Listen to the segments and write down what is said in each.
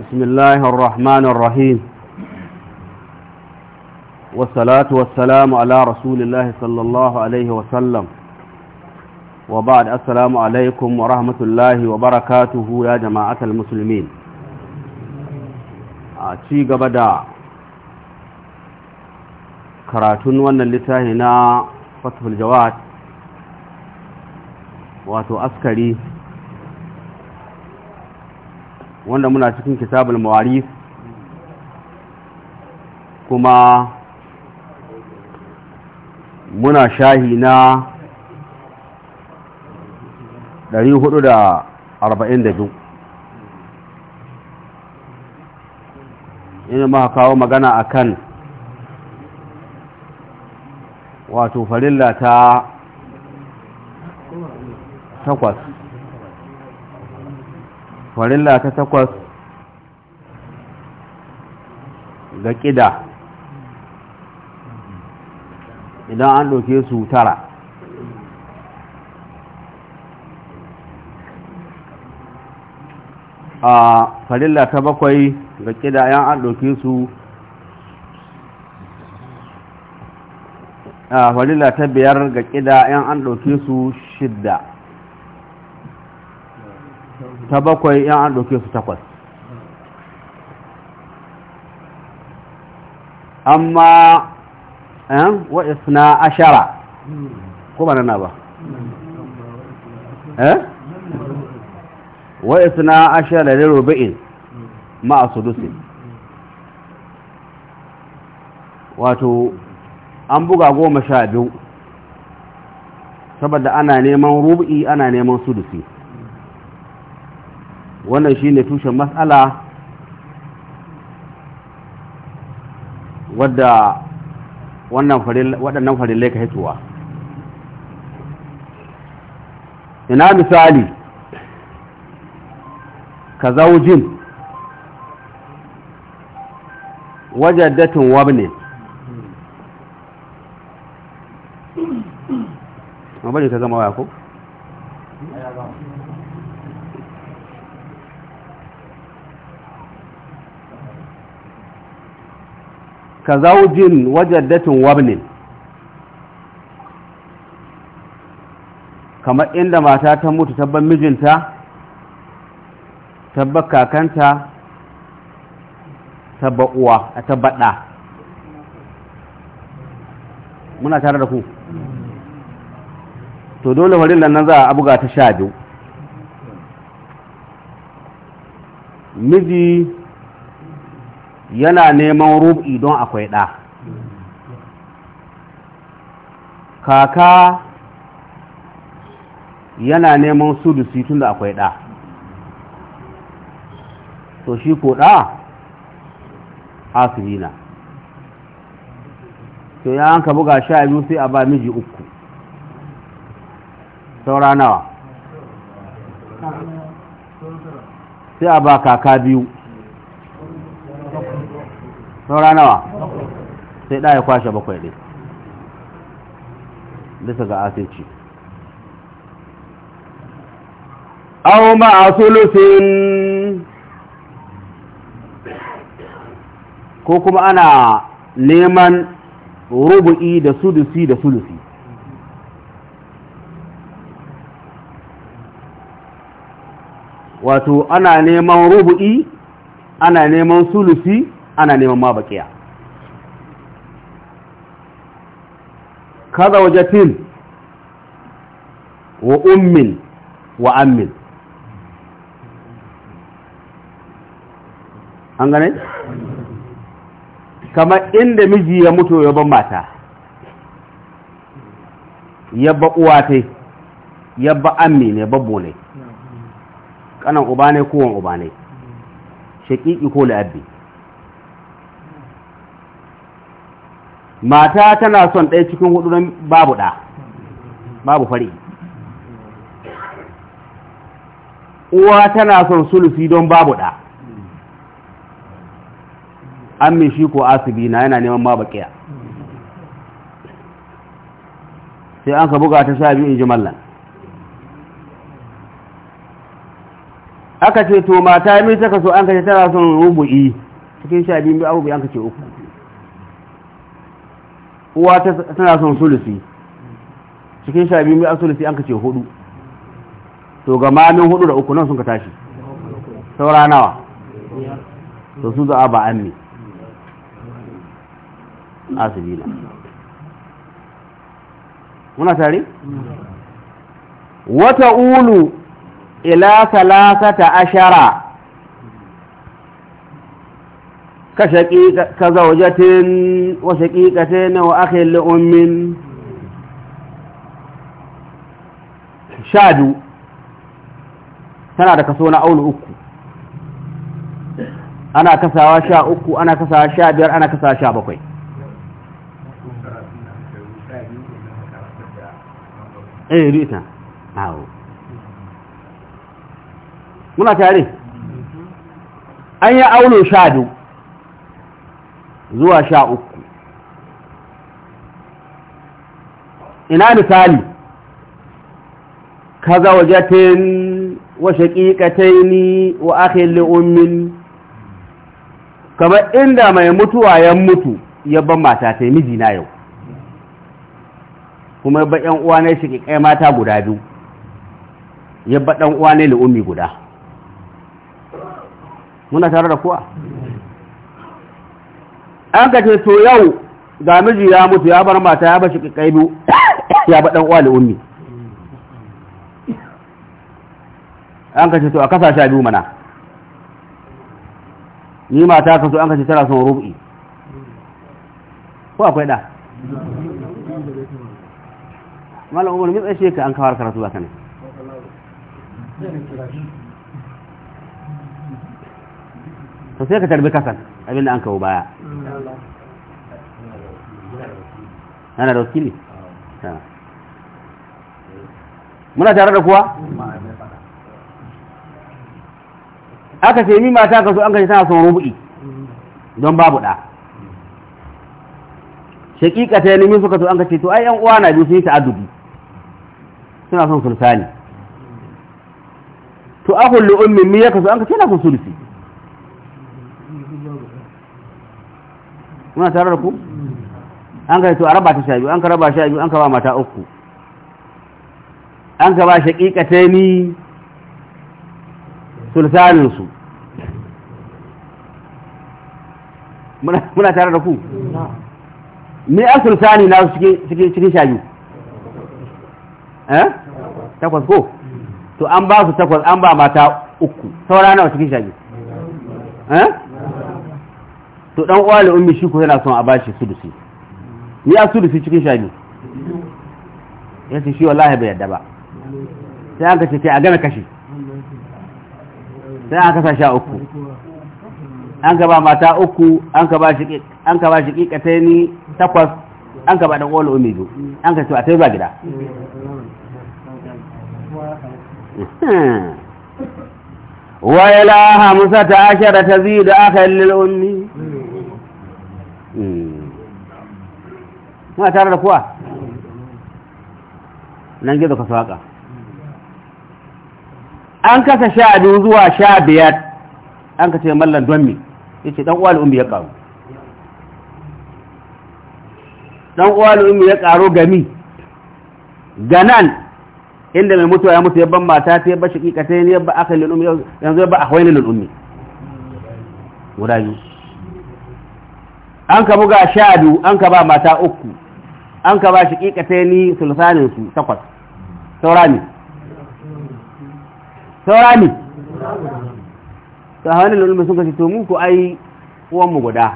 بسم الله الرحمن الرحيم والصلاة والسلام على رسول الله صلى الله عليه وسلم وبعد السلام عليكم ورحمة الله وبركاته يا جماعة المسلمين أتي قبدا كراتون وانا لتاهنا فتح الجواد واتو أسكري wanda muna cikin kitabul mawarif kuma muna shahi na 442 ina ma kawo magana akan wato farilla ta takwas farilla ta takwas ga ƙida idan an ɗauke su tara a farilla ta bakwai ga ƙida yan an ɗauke su a farilla ta biyar ga ƙida yan an ɗauke su shidda ta bakwai yan an ɗauke su takwas amma ɗan eh, wa isna ashara ko ba nana ba eh wa isna ashara da rubin ma a wato an buga goma sha biyu saboda ana neman rubi ana neman sudusi wannan shi ne tushen matsala wadda waɗannan farillai ka hituwa ina misali ka zaujin wajaddatin wabne ta zama waya ko? ka zaujin datin wabnin kamar inda mata ta mutu tabbar mijinta tabbar kakanta tabbar uwa a tabbar ɗa muna tare da ku to dole farillan nan za a buga ta sha biyu miji yana neman rubi don akwai ɗa kaka yana neman sudusi tun da akwai ɗa to shi ko ɗa asirina to ya an ka buga sha biyu sai a ba miji uku saura nawa sai a ba kaka biyu saura nawa sai ɗaya kwashe bakwai ɗin bisa ga asirci Aru ma'a sulusin ko kuma ana neman rubu'i da sulusi da sulusi wato ana neman rubu'i ana neman sulusi ana neman ma bakiya kaza wajatin wa ummin wa ammin an gane? kama inda miji ya mutu ya ban mata ya ba uwa ta ya ba ammi ne babbo ne kanan uba ne kowon uba ne shaƙiƙi ko la'abbi mata tana son ɗaya cikin hudu don babu ɗa babu fari uwa tana son sulfi don babu ɗa an min shi ko asibi na yana neman ma baƙiya sai an ka buga ta sha biyu in ji mallan aka ce to mata mai saka so an ka ce tana son rubu'i cikin sha biyu abubuwa an ka ce uku uwa tana son sulusi cikin sha biyu mai sulusi an ka ce hudu to gamanin hudu da uku nan sun ka tashi saura nawa to su za a ba an ne asibila muna tare? wata ulu ila salasata ashara كشقيق كزوجة وشقيقتين وأخ لأم شادو tana da kaso na aulu uku ana kasawa sha uku ana kasawa sha biyar ana kasawa sha bakwai eh rita awo muna tare an yi aulu sha biyu zuwa sha uku ina misali ka zawajatin wa shaƙiƙataini wa akhin li'ummin kamar inda mai mutuwa ya mutu ya ban mata ta yi mijina yau kuma ba ƴan uwa ne shaƙiƙai mata guda biyu ya ba ɗan uwa li'ummi guda muna tare da kuwa an ka ce to yau ga miji ya mutu ya bar mata ya bashi kai biyu ya ba dan uwa ummi an ka ce to a kasa sha biyu mana ni mata ka so an ka ce tana son rubu'i ko akwai da malam umar mitsa shi ka an kawar karatu ba ka ne to sai ka tarbi kasan abinda an kawo baya yana da wakili muna tare da kuwa aka ce ni mata ka so an kashe tana son rubu'i don babu ɗa shakika ta yanimi suka so an kashe to ai yan uwa na biyu sun yi ta'addubi suna son sultani to a li ummi mi yaka so an kashe na son sulsi muna tare da ku an ka to a raba ta sha biyu an ka raba sha biyu an ka ba mata uku an ka ba shaƙiƙa ta ni sulsaninsu muna tare da ku ni a sultani na cikin sha biyu eh takwas ko to an ba su takwas an ba mata uku saura nawa cikin sha biyu eh to dan uwa da ummi shi ko yana son a bashi sudusi ni a su cikin shani ya ce shi wallahi bai yadda ba sai aka ce a gana kashi sai aka sa sha uku an ka ba mata uku an ka ba shi kikata ni takwas an ka ba dan wani umidu an ka ce a ba gida wa ila hamsa ta ashara ta zai da aka yi lil'ummi kuma tare da kuwa nan gizo ka saƙa an kasa sha biyu zuwa sha biyar an ka ce mallan don mi ya ce ɗan'uwa al'ummi ya ƙaru ɗan'uwa al'ummi ya ƙaru gami ga nan inda mai mutuwa ya mutu ya ban mata ta yabba shiƙiƙa ta yi yabba aka lil’ummi yanzu yabba a hawaii lil’ummi guda biyu an ka buga sha biyu an ka ba mata uku an ka ba shi ƙiƙata ni sulsanin su takwas saurami saurami ta hannun lulluɓe sun kashe to ku ai uwanmu guda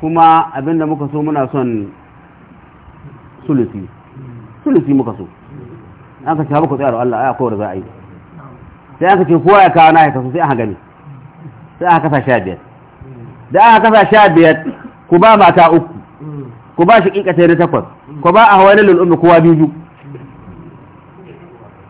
kuma abinda muka so muna son sulusi sulusi muka so an ka ce ku tsayar Allah ya kowar za a yi sai an ka ce kowa ya kawo na haifasu sai aka gani sai aka kasa sha biyar da aka kasa sha biyar ku ba mata uku ku ba shi ƙiƙa na takwas ku ba a hawaii lil ummi kowa biyu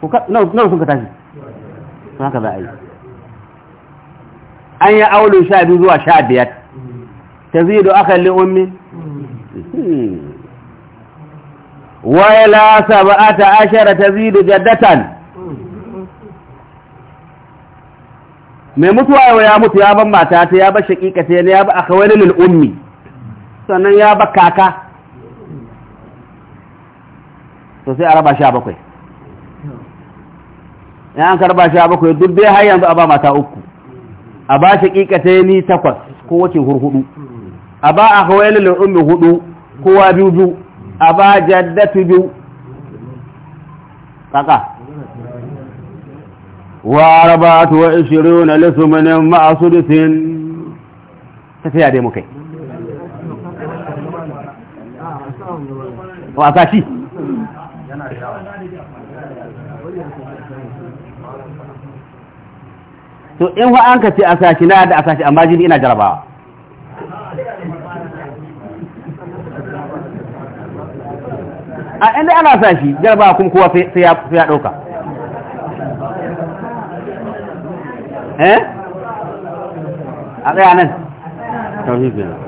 ku nawa sun ka tashi to haka za a yi an yi aulun sha biyu zuwa sha biyar ta zido aka lil ummi وإلى ta zai da jaddatan. mai mutuwa yau ya mutu ya ban mata ta ya ba shakika ta ya ba a kawai lil ummi sannan ya ba kaka to sai a raba sha bakwai ya an karba sha bakwai duk dai har yanzu a ba mata uku a ba shi ta ni takwas ko wace hurhudu a ba a hawailin ummi hudu kowa biyu biyu a ba jaddatu biyu kaka wa arba'atu wa 20 lismanin ma'a sudusin tafiya dai mukai wasa shi to in wa an ka ce asashi na da asashi amma jini ina jarabawa a inda ana sashi jarabawa kuma kowa sai ya ɗauka eh a tsaya nan tauhidin